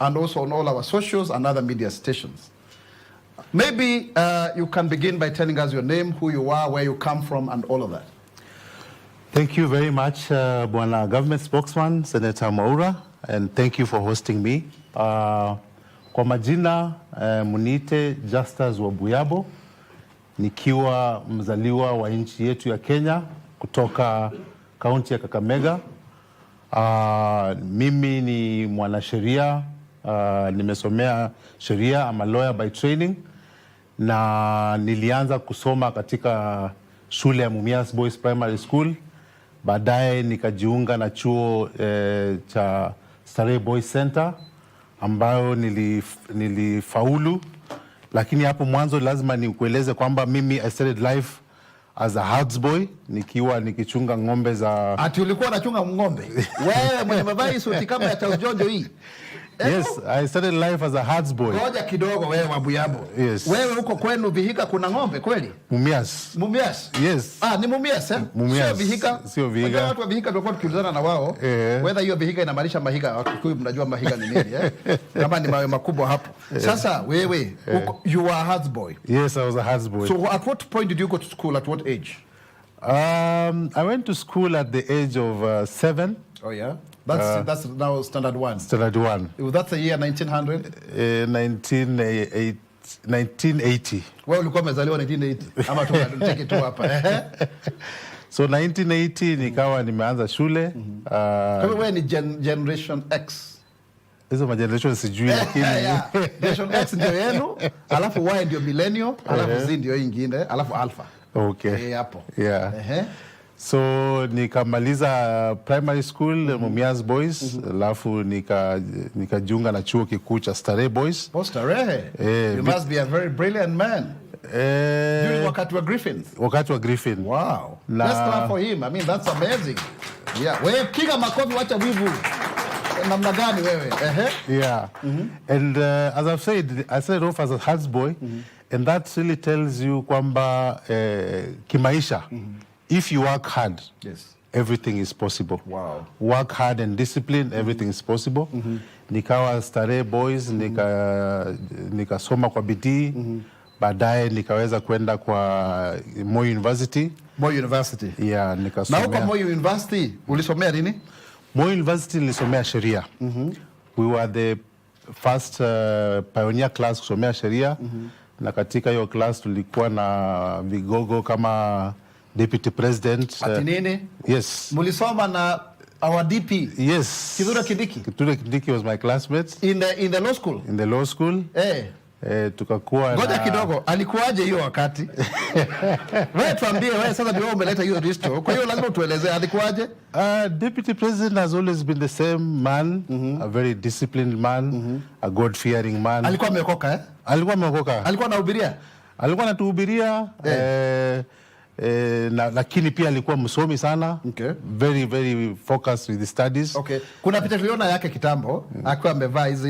and also on all our socials and other media stations. Maybe uh, you can begin by telling us your name, who you are, where you come from, and all of that. Thank you very much, uh, Bwana Government Spokesman, Senator Mwaura, and thank you for hosting me. Uh, kwa majina uh, justas Wabuyabo nikiwa mzaliwa wa nchi yetu ya Kenya kutoka kaunti ya Kakamega. Uh, mimi ni mwanasheria Uh, nimesomea sheria, ama lawyer by training na nilianza kusoma katika shule ya Mumias Boys Primary School, baadaye nikajiunga na chuo eh, cha Starehe Boys Center ambayo nilif, nilifaulu. Lakini hapo mwanzo lazima nikueleze kwamba mimi I started life as a herds boy nikiwa nikichunga ng'ombe za. Ati ulikuwa unachunga ng'ombe wewe mwenye mavazi suti kama ya Charles Jonjo hii? Yes, I started life as a herds boy. Ngoja kidogo wewe Mabuyabo. Yes. Wewe huko kwenu Vihiga kuna ng'ombe kweli? Mumias. Mumias. Yes. Ah, ni Mumias eh? Mumias. Sio Vihiga. Sio Vihiga. Watu wa Vihiga tulikuwa tukiulizana na wao. Eh. Whether hiyo Vihiga inamaanisha Mahiga Wakikuyu mnajua Mahiga ni nini eh? Kama ni mawe makubwa hapo. Eh. Sasa wewe eh. huko Uko, you are a herds boy. Yes, I was a herds boy. So at what point did you go to school at what age? Um, I went to school at the age of uh, seven. Oh yeah. That's, uh, that's now standard one. Standard one. That's the year 1900? Uh, 1980. 1980. Wewe ulikuwa umezaliwa 1980 ama tuteke tu hapa. So 1980 nikawa nimeanza shule. Mm -hmm. Uh, wewe ni gen generation X. Hizo ma generation sijui lakini generation X ndio yenu, alafu Y ndio millennial, alafu Z ndio nyingine, alafu alpha. Okay. Eh, hapo. Yeah. Uh -huh. So nikamaliza primary school mm -hmm. Mumias Boys mm -hmm. Alafu nikajiunga nika na chuo kikuu cha Starehe Boys. Oh, Starehe. Eh, you must be a very brilliant man. Eh, wakati wa Griffin. Wakati wa Griffin. Wow. La... Best clap for him. I mean, that's amazing. Yeah. Wewe piga makofi, wacha wivu. Eh, namna gani wewe? Eh eh. Yeah. Mm -hmm. And uh, as I've said, I said off as a Hearts boy mm -hmm. and that really tells you kwamba eh, kimaisha mm -hmm if you work hard, yes. everything is possible. Wow. Work hard and discipline, everything mm -hmm. is possible. Mm -hmm. Nikawa Starehe Boys, mm -hmm. nikasoma nika kwa bidii mm -hmm. Baadaye nikaweza kwenda kwa Moi University. Moi University. Yeah, nikasomea. Na huko Moi University ulisomea nini? Moi University nilisomea sheria. mm -hmm. We were the first uh, pioneer class kusomea sheria. mm -hmm. Na katika hiyo class tulikuwa na vigogo kama Deputy President. Uh, Ati Uh, yes. Mulisoma na our DP. Yes. kidura kidiki kidura kidiki was my classmate. In the, in the law school. In the law school. Eh. Eh, tukakuwa ngoja na... kidogo alikuwaje hiyo wakati? Wewe tuambie wewe sasa ndio umeleta hiyo risto. Kwa hiyo lazima tueleze alikuwaje? Uh, Deputy President has always been the same man, mm -hmm. a very disciplined man, mm -hmm. a God fearing man. Alikuwa ameokoka eh? Alikuwa ameokoka. Alikuwa anahubiria? Alikuwa anatuhubiria eh. eh Eh, na, lakini pia alikuwa msomi sana okay. very very focused with the studies okay. Kuna picha tuliona yake kitambo mm. akiwa amevaa hizi